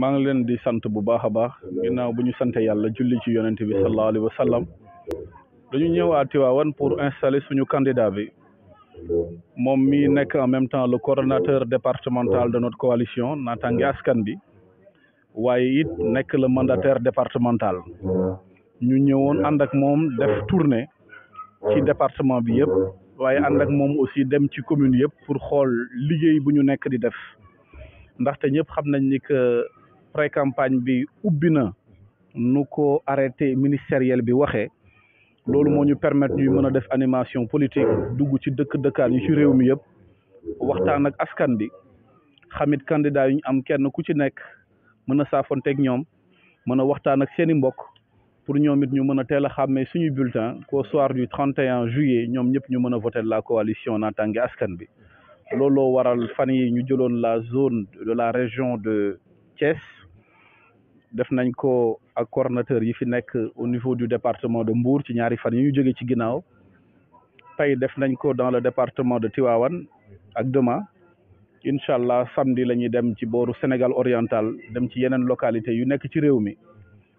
maa ngi leen di sant bu baax a baax ginnaaw bu ñu santee yàlla julli ci yonent bi sallallahu alayhi wa sallam dañu ñëwaat Tivaouane pour installer suñu candidat bi moom mi nekk en même temps le coordonnateur départemental de notre coalition Natangué Askan bi waaye it nekk le mandataire départemental ñu ñëwoon ànd ak moom def tournée ci département bi yëpp waaye ànd moom aussi dem ci commune yëpp pour xool liggéey bu ñu nekk di def ndaxte ñëpp xam nañ ni pré-campagne bi ubina nuko arrêté ministériel bi waxé lolu moo ñu permettre ñu mëna def animation politique duggu ci dëkk dëkkaan ñu ci réew mi yëpp waxtaan ak askan bi xamit candidat yu ñu am kenn ku ci nekk mëna a ak ñom mëna a waxtaan ak seen mbokk pour ñoom it ñu mëna téla xamé suñu bulletin ko soir du 31 juillet ñom ñëpp ñu mëna voter la coalition naataange askan bi Lolo waral fan yi ñu jëlone la zone de la région de Thiès def nañ ko ak coordinateur yi au niveau du département de Mbour ci ñaari fan yi ñu jóge ci ginnaaw ko dans le département de Tiwawan, ak demain inshallah, samedi lañuy dem ci booru Sénégal oriental dem ci yeneen localité yu nekk ci réew mi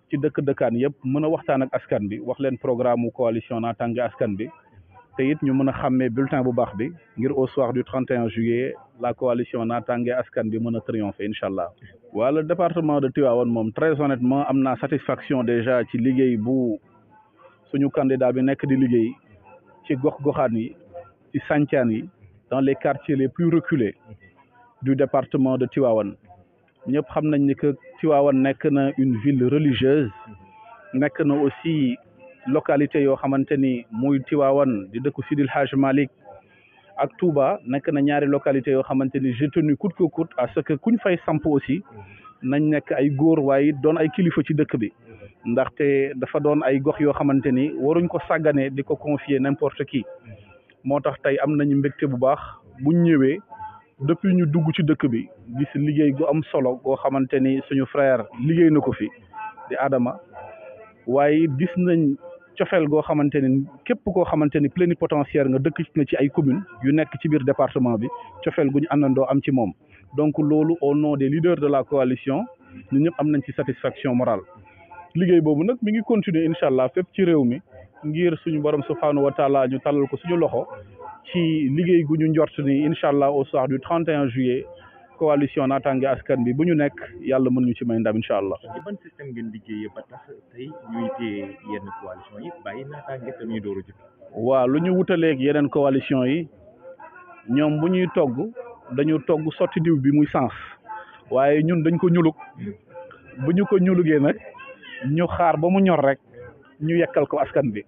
ci dëkk-dëkkaan yépp mën a waxtaan ak askan bi wax leen programme coalition à askan bi te it ñu mën a bulletin bu baax bi ngir au soir du 31 juillet la coalition naataange askan bi mën a triompher wa le département de tiwawon très honnêtement eu la satisfaction déjà ci pour bu suñu candidat bi nek di qui ci gokh goxaan yi ci yi dans les quartiers les plus reculés du département de tiwawon Nous xam nañ ni que Tivaouane n'est na une ville religieuse nek na aussi localité yo xamanteni ni muy Tivaouane di dëkku Sidil hajj malik ak Touba nekk na ñaari localité yoo xamante ni j'ai tenu coûte que coûte à ce que kuñ fay samp aussi nañ nekk ay góor waaye doon ay kilifa ci dëkk bi ndaxte dafa doon ay gox yoo xamante ni waruñ ko sàggane di ko confier n'importe qui moo tax tey am nañu mbégte bu baax buñ ñëwee depuis ñu dugg ci dëkk bi gis liggéey gu am solo goo xamante ni suñu frère liggéey na ko fi di Adama waaye gis nañ cofeel go xamanteni ni képp koo xamante ni plénipotentiaire nga dëkk nga ci ay communes yu nekk ci biir département bi cofeel gu ñu am ci moom donc loolu au nom des leaders de la coalition ñu ñëpp am nañ ci satisfaction morale liggéey boobu nag mi ngi continuer incha allah fépp ci réew mi ngir suñu borom subhanahu wa taala ñu talal ko suñu loxo ci liggéey gu ñu njort ni incha allah au soir du 31 juillet coalition na tangi askan bi buñu nek yalla mën ñu ci may ndam inshallah ci ban système ngeen liggéey ba tax tay ñuy té yenn coalition yi bàyyi naataange te ñuy dooru ci wa waaw lu ñu wutaleeg yeneen coalition yi ñom bu ñuy togg dañu togg soti diw bi muy sens waye ñun dañ ko ñuluk bu ñu ko ñulugé nak ñu xaar ba mu ñor rek ñu yekkal ko askan bi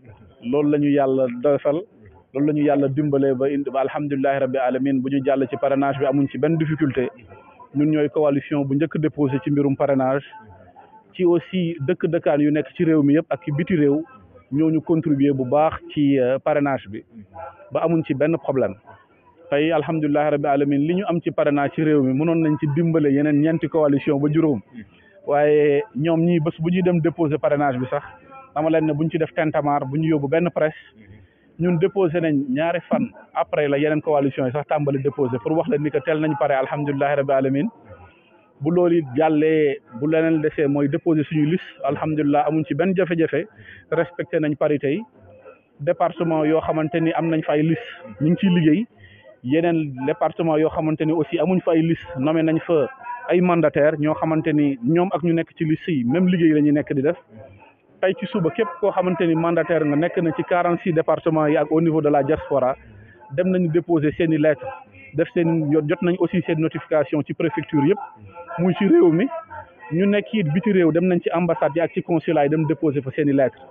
loolu lañu yalla yàlla loolu la ñu yàlla dimbalee ba indi ba alhamdulilahi rabbi alamin bu ñu jàll ci parrainage bi amuñ ci benn difficulté ñun ñooy coalition bu njëkk déposé ci mbirum parrainage ci aussi dëkk dëkkaan yu nekk ci réew mi yëpp ak ci biti réew ñu contribuer bu baax ci euh, parrainage bi ba amuñ ci benn problème tey alhamdulilahi rabbi alamin li ñu am ci parrainage ci réew mi mënoon nañ ci dimbale yeneen ñeenti coalition ba juróom waaye ñoom ñii bés bu ñuy dem déposer parrainage bi sax dama leen bu ñu ci def tentamar bu ñu yóbbu benn presse ñun déposé nañ ñaari fan après la yeneen coalition yi sax tàmbali déposé pour wax leen ni que teel nañ pare alhamdulilahi rabbi alamin bu loolu it jàllee bu leneen desee mooy déposé suñu liste alhamdulilah amuñ ci benn jafe-jafe respecté nañ parité yi département yoo xamante ni am nañ fa ay liste ñu ngi ciy liggéey yeneen département yoo xamante ni aussi amuñ fa ay liste nommé nañ fa ay mandataire ñoo xamante ni ñoom ak ñu nekk ci liste yi même liggéey la ñuy nekk di def tey ci suba képp koo xamante ni mandataire nga nekk na ci quarante six départements yi ak au niveau de la diaspora dem nañ déposer seeni i lettre def seen jot nañ aussi seen notification ci préfecture yëpp muy ci réew mi ñu nekk it biti réew dem nañ ci ambassade yi ak ci consulat yi dem déposer fa seeni i lettre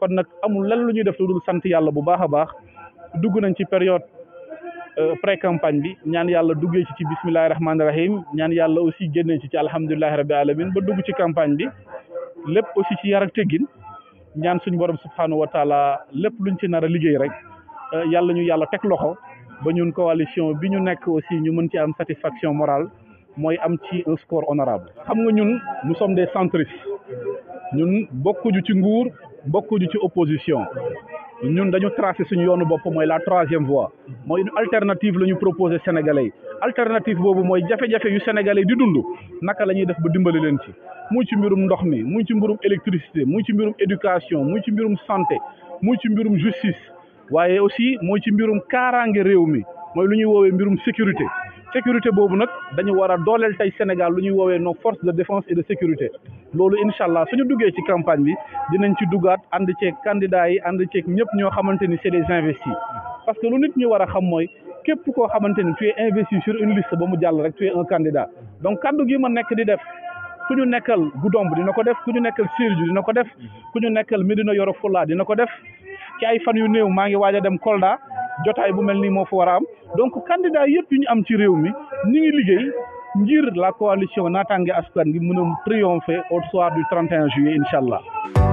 kon nag amul lan lu ñuy def lu dul sant yàlla bu baax a baax dugg nañ ci période euh, pré campagne bi ñaan yàlla duggee ci ci bismillahi rahmaani rahim ñaan yàlla aussi génnee ci ci alhamdulilahi rabbi alamin ba dugg ci campagne bi lépp aussi ci yar ak ñaan suñu borom subhanahu wa taala lepp luñ ci nar a liggéey rek euh, yalla ñu yalla tek loxo ba ñun coalition bi ñu nek aussi ñu mën ci am satisfaction morale moy am ci un score honorable xam nga ñun nous sommes des centristes ñun bokku ju ci nguur bokku ju ci opposition ñun dañu tracer suñu yoonu bop moy la troisième voie moy une alternative lañu proposer sénégalais yi alternative boobu mooy jafe-jafe yu sénégalais di dund naka la ñuy def ba dimbali leen ci muy ci mbirum ndox mi muy ci mbirum électricité muy ci mbirum éducation muy ci mbirum santé muy ci mbirum justice waaye aussi mooy ci mbirum kaaraange réew mi mooy lu ñuy woowee mbirum sécurité sécurité boobu nag dañu war a dooleel tey Sénégal lu ñuy woowee nos forces de défence et de sécurité loolu incha su suñu duggee ci campagne bi dinañ ci duggaat ànd ceeg candidats yi ànd ceeg ñëpp ñoo xamante ni c'est des investis parce que nit ñi war a xam mooy képp koo xamante ni tu es investi sur une liste ba mu jàll rek tu es un candidat donc kàddu gi ma nekk di def ku ñu nekkal Goudomp dina ko def ku ñu nekkal Sédhiou dina ko def ku ñu nekkal Médina Yoro Fula dina ko def ci ay fan yu néew maa ngi waaj a dem Kolda jotaay bu mel nii moo fu war a am donc candidat yëpp yu ñu am ci réew mi ñu liggéey ngir la coalition naataange askan gi mën a triompher au soir du 31 juillet incha allah.